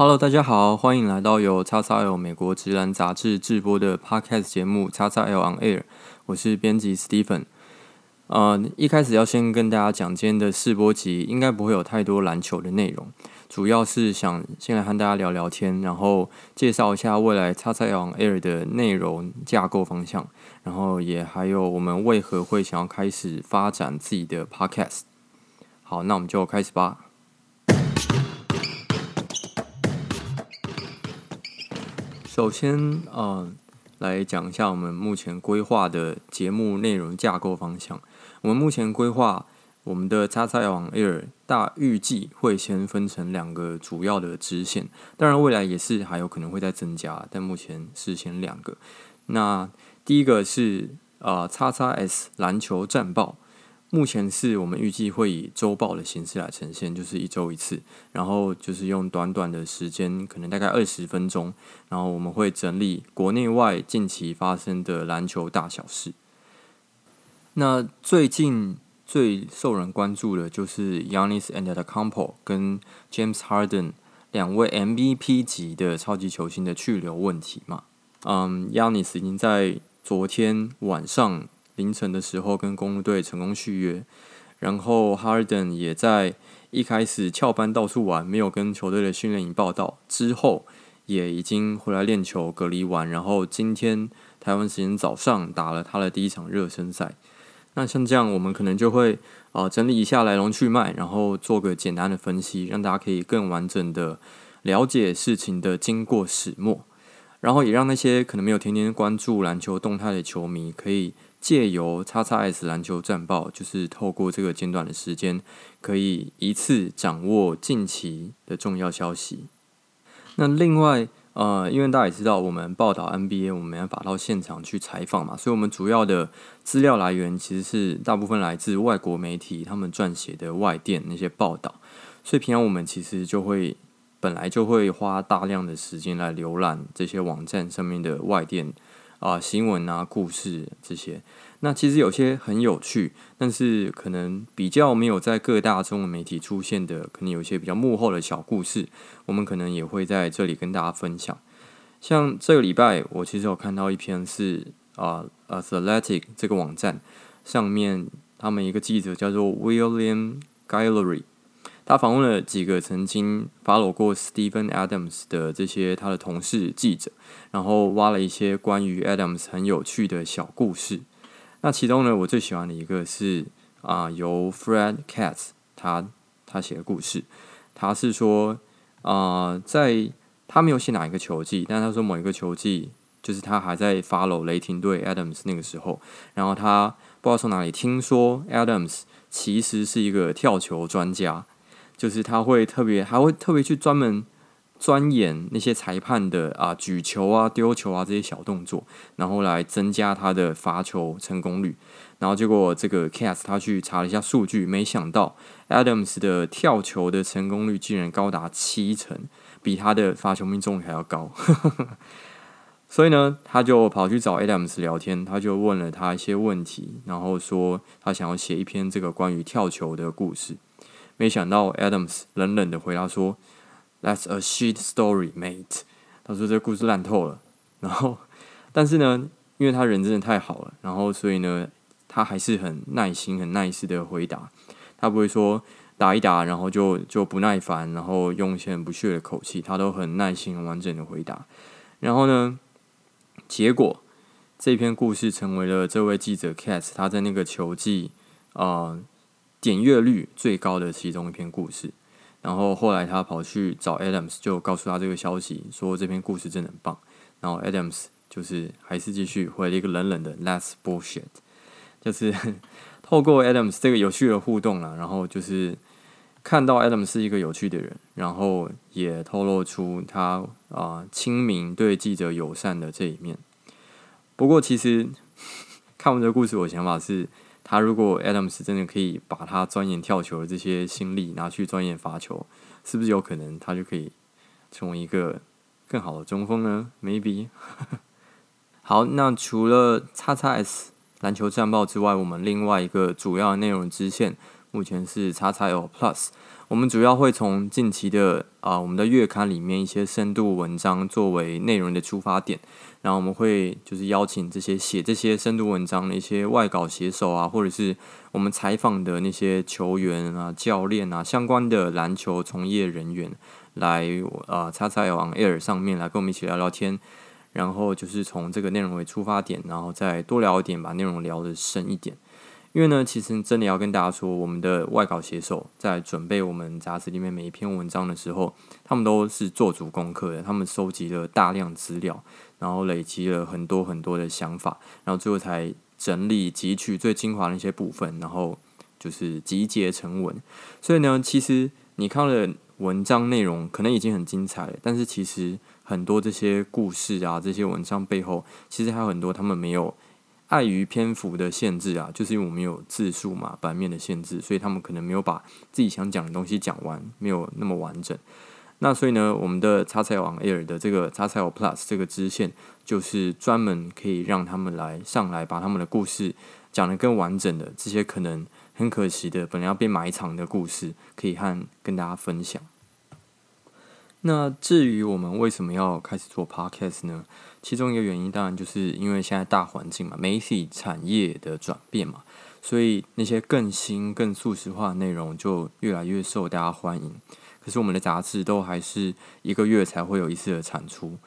Hello，大家好，歡迎來到由 XXL 美國職籃雜誌製播的 Podcast 節目 XXL on Air。我是編輯 Stephen。呃，一開始要先跟大家講，今天的試播集應該不會有太多籃球的內容，主要是想先來和大家聊聊天，然後介紹一下未來 XXL on Air 的內容架構方向，然後也還有我們為何會想要開始發展自己的 Podcast。好，那我們就開始吧。首先，嗯、呃，來講一下我們目前規劃的節目內容架構方向。我們目前規劃我們的 XXL on Air 大預計會先分成兩個主要的支線，當然未來也是還有可能會再增加，但目前是先兩個。那第一個是呃，XXS 籃球戰報。目前是我們預計會以週報的形式來呈現，就是一周一次，然後就是用短短的時間，可能大概二十分鐘，然後我們會整理國內外近期發生的籃球大小事。那最近最受人關注的就是 Giannis Antetokounmpo 跟 James Harden 兩位 MVP 級的超級球星的去留問題嘛。嗯，Giannis 已經在昨天晚上凌晨的時候跟公牛隊成功續約，然後哈登也在一開始翹班到處玩，沒有跟球隊的訓練營報到。之後也已經回來練球、隔離完，然後今天台灣時間早上打了他的第一場熱身賽。那像這樣，我們可能就會啊、呃、整理一下來龍去脈，然後做個簡單的分析，讓大家可以更完整的了解事情的經過始末，然後也讓那些可能沒有天天關注籃球動態的球迷可以。借由 XXS 籃球戰報，就是透過這個簡短的時間，可以一次掌握近期的重要消息。那另外，呃，因為大家也知道，我們報道 NBA，我們沒辦法到現場去採訪嘛，所以我們主要的資料來源其實是大部分來自外國媒體他們撰寫的外電那些報道。所以平常我們其實就會本來就會花大量的時間來瀏覽這些網站上面的外電。啊，新聞啊，故事這些，那其實有些很有趣，但是可能比較沒有在各大中文媒體出現的，可能有一些比較幕後的小故事，我們可能也會在這裡跟大家分享。像這個禮拜，我其實有看到一篇是啊，呃，Athletic 這個網站上面，他們一個記者叫做 William Guillory。他訪問了幾個曾經 follow 過 Steven Adams 的這些他的同事記者，然後挖了一些關於 Adams 很有趣的小故事。那其中呢，我最喜歡的一個是啊、呃，由 Fred Katz 他他寫的故事。他是說啊、呃，在他沒有寫哪一個球季，但他說某一個球季就是他還在 follow 雷霆隊 Adams 那個時候，然後他不知道從哪裡聽說 Adams 其實是一個跳球專家。就是他會特別，還會特別去專門鑽研那些裁判的啊、舉球啊、丟球啊，這些小動作，然後來增加他的罰球成功率。然後結果這個 case 他去查了一下數據，沒想到 Adams 的跳球的成功率竟然高達七成，比他的罰球命中率還要高。 所以呢，他就跑去找 Adams 聊天，他就問了他一些問題，然後說他想要寫一篇這個關於跳球的故事。沒想到 Adams 冷冷的回答說：“That's a shit story, mate。”他說這個故事爛透了。然後，但是呢，因為他人真的太好了，然後所以呢，他還是很耐心、很 nice 的回答。他不會說打一打，然後就就不耐煩，然後用一些很不屑的口氣。他都很耐心、很完整的回答。然後呢，結果這篇故事成為了這位記者 Cat 他在那個球季啊。呃點閱率最高的其中一篇故事，然後後來他跑去找 Adams，就告訴他這個消息，說這篇故事真的很棒。然後 Adams 就是還是繼續回了一個冷冷的 last bullshit，就是透過 Adams 這個有趣的互動啦，然後就是看到 Adams 是一個有趣的人，然後也透露出他啊親民對記者友善的這一面。不過其實看完這個故事，我想法是。他如果 Adams 真的可以把他鑽研跳球的這些心力拿去鑽研罰球，是不是有可能他就可以成為一個更好的中鋒呢？Maybe。 好，那除了 XXS 籃球戰報之外，我們另外一個主要內容支線。目前是 XXL Plus，我們主要會從近期的啊、呃、我們的月刊裡面一些深度文章作為內容的出發點，然後我們會就是邀請這些寫這些深度文章的一些外稿寫手啊，或者是我們採訪的那些球員啊、教練啊、相關的籃球從業人員來啊 XXL on Air 上面來跟我們一起聊聊天，然後就是從這個內容為出發點，然後再多聊一點，把內容聊得深一點。因為呢，其實真的要跟大家說，我們的外稿寫手在準備我們雜誌裡面每一篇文章的時候，他們都是做足功課的，他們收集了大量資料，然後累積了很多很多的想法，然後最後才整理、汲取最精華的一些部分，然後就是集結成文。所以呢，其實你看了文章內容，可能已經很精彩了，但是其實很多這些故事啊，這些文章背後，其實還有很多他們沒有。礙於篇幅的限制啊，就是因為我們有字數嘛，版面的限制，所以他們可能沒有把自己想講的東西講完，沒有那麼完整。那所以呢，我們的 XXL on Air 的這個 XXL Plus 這個支線，就是專門可以讓他們來上來把他們的故事講得更完整的，這些可能很可惜的本來要被埋藏的故事，可以和跟大家分享。那至於我們為什麼要開始做 Podcast 呢？其中一個原因，當然就是因為現在大環境嘛，媒體產業的轉變嘛，所以那些更新、更速食化的內容就越來越受大家歡迎。可是我們的雜誌都還是一個月才會有一次的產出。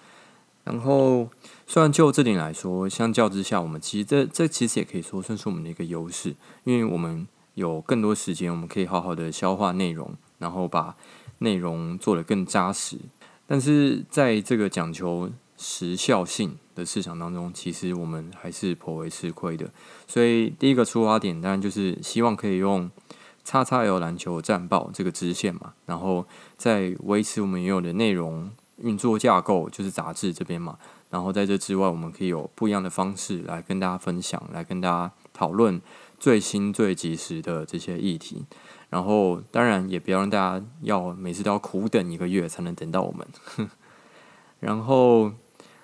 然後，雖然就這點來說，相較之下，我們其實這這其實也可以說算是我們的一個優勢，因為我們有更多時間，我們可以好好的消化內容，然後把內容做得更扎實。但是在這個講求時效性的市場當中，其實我們還是頗為吃虧的。所以第一個出發點，當然就是希望可以用“叉叉 L 籃球戰報”這個支線嘛，然後在維持我們原有的內容運作架構，就是雜誌這邊嘛。然後在這之外，我們可以有不一樣的方式來跟大家分享，來跟大家討論最新最及時的這些議題。然後當然也不要讓大家要每次都要苦等一個月才能等到我們。 然後。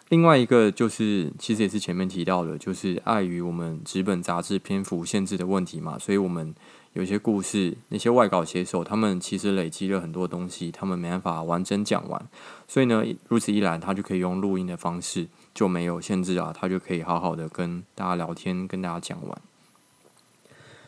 另外一個就是，其實也是前面提到的，就是礙於我們紙本雜誌篇幅限制的問題嘛，所以我們有些故事，那些外稿寫手他們其實累積了很多東西，他們沒辦法完整講完。所以呢，如此一來，他就可以用錄音的方式，就沒有限制啊，他就可以好好的跟大家聊天，跟大家講完。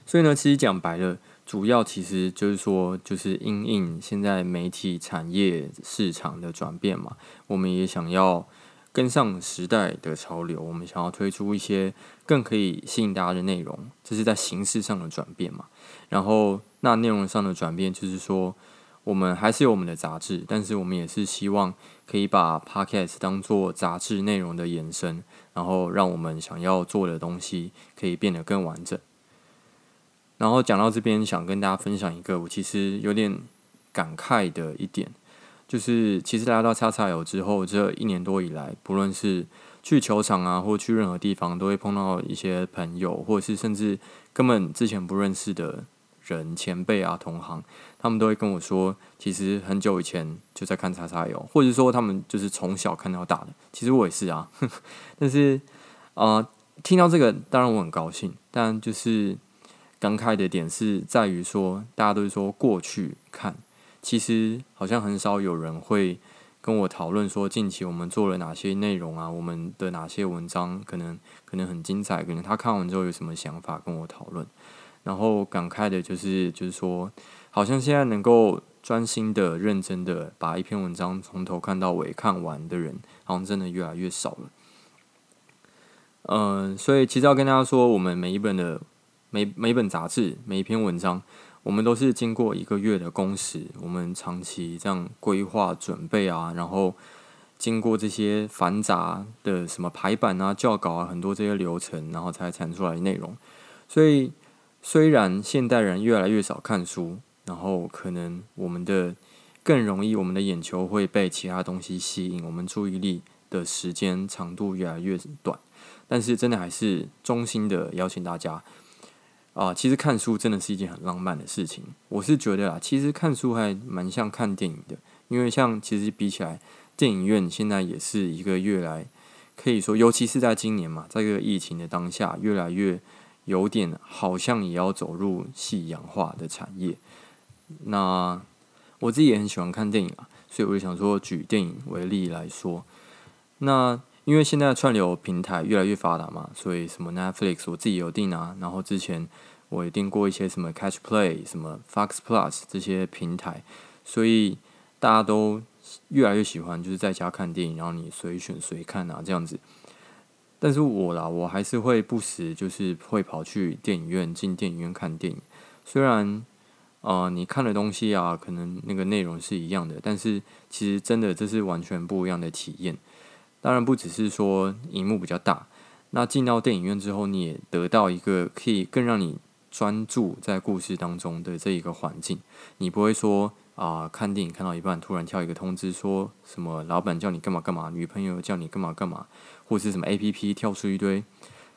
所以呢，其實講白了，主要其實就是說，就是因應現在媒體產業市場的轉變嘛，我們也想要。跟上時代的潮流，我們想要推出一些更可以吸引大家的內容，這是在形式上的轉變嘛。然後，那內容上的轉變就是說，我們還是有我們的雜誌，但是我們也是希望可以把 Podcast 當做雜誌內容的延伸，然後讓我們想要做的東西可以變得更完整。然後講到這邊，想跟大家分享一個我其實有點感慨的一點。就是其實來到 XXL 之後，這一年多以來，不論是去球場啊，或去任何地方，都會碰到一些朋友，或者是甚至根本之前不認識的人、前輩啊、同行，他們都會跟我說，其實很久以前就在看 XXL，或者說他們就是從小看到大的。其實我也是啊，呵呵，但是啊、呃，聽到這個，當然我很高興，但就是感慨的點是在於說，大家都說過去看。其實好像很少有人會跟我討論說，近期我們做了哪些內容啊？我們的哪些文章可能可能很精彩？可能他看完之後有什麼想法跟我討論。然後感慨的就是，就是說，好像現在能夠專心的、認真的把一篇文章從頭看到尾看完的人，好像真的越來越少了。嗯，所以其實要跟大家說，我們每一本的每每本雜誌每一篇文章。我們都是經過一個月的工時，我們長期這樣規劃準備啊，然後經過這些繁雜的什麼排版啊、校稿啊，很多這些流程，然後才產出來的內容。所以雖然現代人越來越少看書，然後可能我們的更容易我們的眼球會被其他東西吸引，我們注意力的時間長度越來越短，但是真的還是衷心的邀請大家。啊、呃，其實看書真的是一件很浪漫的事情。我是覺得啊，其實看書還蠻像看電影的，因為像其實比起來，電影院現在也是一個越來可以說，尤其是在今年嘛，在這個疫情的當下，越來越有點好像也要走入夕陽化的產業。那我自己也很喜歡看電影啊，所以我就想說，舉電影為例來說，那。因為現在串流平台越來越發達嘛，所以什麼 Netflix，我自己有訂啊。然後之前我也訂過一些什麼 Catch Play、什麼 Fox Plus 這些平台，所以大家都越來越喜歡就是在家看電影，然後你隨選隨看啊這樣子。但是我啦，我還是會不時就是會跑去電影院進電影院看電影。雖然啊、呃，你看的東西啊，可能那個內容是一樣的，但是其實真的這是完全不一樣的體驗。當然不只是說熒幕比較大，那進到電影院之後，你也得到一個可以更讓你專注在故事當中的這一個環境。你不會說啊、呃，看電影看到一半，突然跳一個通知，說什麼老板叫你幹嘛幹嘛，女朋友叫你幹嘛幹嘛，或是什麼 APP 跳出一堆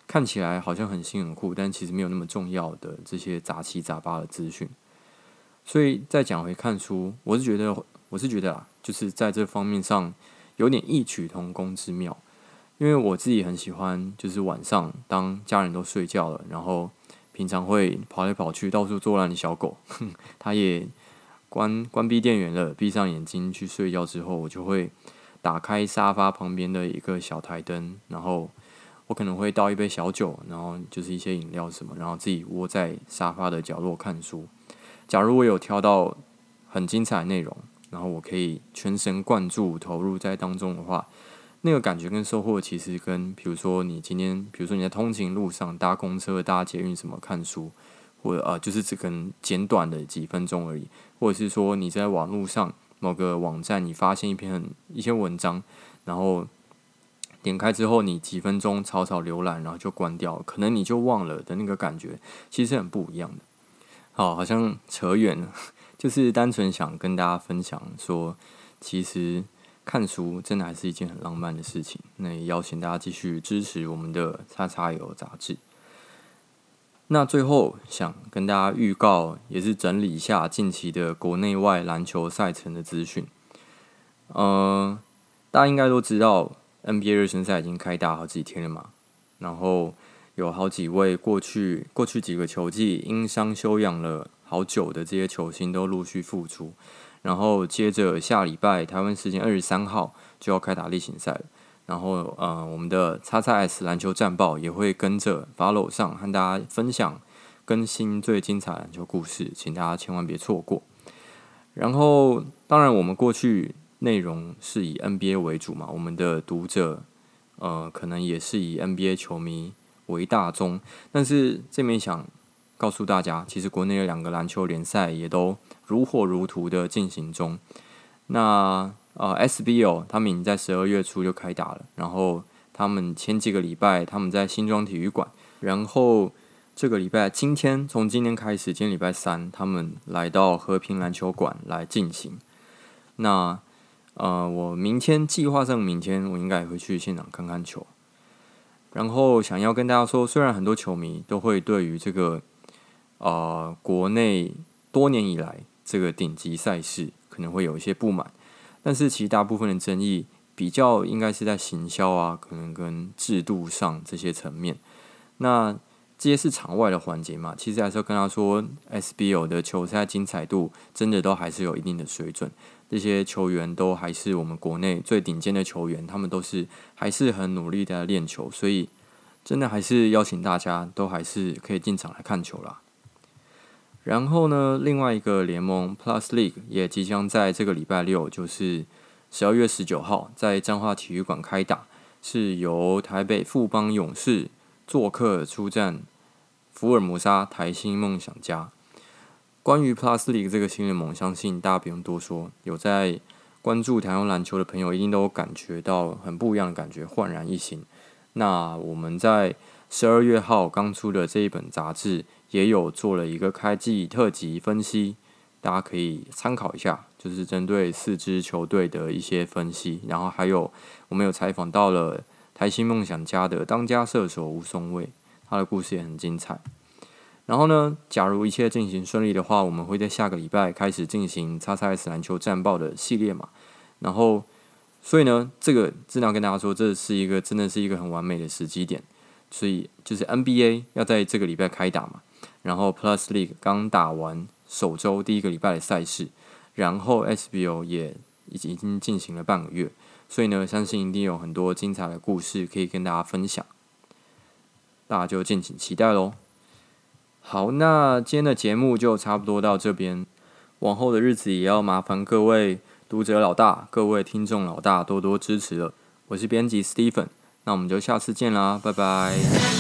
看起來好像很新很酷，但其實沒有那麼重要的這些雜七雜八的資訊。所以再講回看書，我是覺得，我是覺得啊，就是在這方面上。有點異曲同工之妙，因為我自己很喜歡，就是晚上當家人都睡覺了，然後平常會跑來跑去到處作亂的小狗，它也關關閉電源了，閉上眼睛去睡覺之後，我就會打開沙發旁邊的一個小台燈，然後我可能會倒一杯小酒，然後就是一些飲料什麼，然後自己窩在沙發的角落看書。假如我有挑到很精彩內容。然後我可以全神貫注投入在當中的話，那個感覺跟收穫其實跟比如說你今天，比如說你在通勤路上搭公車、搭捷運什麼看書，或者啊、呃，就是只可能簡短的幾分鐘而已，或者是說你在網絡上某個網站你發現一篇很一些文章，然後點開之後你幾分鐘草草瀏覽然後就關掉，可能你就忘了的那個感覺，其實很不一樣的。好，好像扯遠了。就是單純想跟大家分享說，說其實看書真的還是一件很浪漫的事情。那也邀請大家繼續支持我們的 XXL 雜誌。那最後想跟大家預告，也是整理一下近期的國內外籃球賽程的資訊。嗯、呃，大家應該都知道，NBA 熱身賽已經開打好幾天了嘛。然後有好幾位過去過去幾個球季因傷休養了。好久的這些球星都陸續復出，然後接着下禮拜台灣時間二十三號就要開打例行賽，然後呃，我們的 XXS 籃球戰報也會跟着 follow 上，和大家分享更新最精彩籃球故事，請大家千萬別錯過。然後當然，我們過去內容是以 NBA 為主嘛，我們的讀者呃可能也是以 NBA 球迷為大宗，但是這邊想告訴大家，其實國內的兩個籃球聯賽也都如火如荼的進行中。那呃，SBO 他們已經在十二月初就開打了，然後他們前幾個禮拜，他們在新莊體育館，然後這個禮拜今天，從今天開始，今天禮拜三，他們來到和平籃球館來進行。那呃，我明天計劃上，明天我應該也會去現場看看球，然後想要跟大家說，雖然很多球迷都會對於這個。呃，國內多年以來這個頂級賽事可能會有一些不滿，但是其實大部分的爭議比較應該是在行銷啊，可能跟制度上這些層面。那這些是場外的環節嘛。其實還是要跟他說，SBL 的球賽精彩度真的都還是有一定的水準，這些球員都還是我們國內最頂尖的球員，他們都是還是很努力的練球，所以真的還是邀請大家都還是可以進場來看球啦。然後呢，另外一個聯盟 Plus League 也即將在這個禮拜六，就是十二月十九號，在彰化體育館開打，是由台北富邦勇士做客出戰福爾摩沙台新夢想家。關於 Plus League 這個新聯盟，相信大家不用多說，有在關注台灣籃球的朋友，一定都有感覺到很不一樣的感覺，煥然一新。那我們在十二月號剛出的這一本雜誌。也有做了一個開季特輯分析，大家可以參考一下，就是針對四支球隊的一些分析。然後還有我們有採訪到了台新夢想家的當家射手吳松蔚，他的故事也很精彩。然後呢，假如一切進行順利的話，我們會在下個禮拜開始進行叉叉 S 籃球戰報的系列嘛。然後，所以呢，這個只能跟大家說，這是一個真的是一個很完美的時機點。所以就是 NBA 要在這個禮拜開打嘛，然後 Plus League 剛打完首周第一個禮拜的賽事，然後 SBO 也已經進行了半個月，所以呢，相信一定有很多精彩的故事可以跟大家分享，大家就敬請期待嘍。好，那今天的節目就差不多到這邊，往後的日子也要麻煩各位讀者老大、各位聽眾老大多多支持了。我是編輯 Stephen。那我們就下次見啦，拜拜。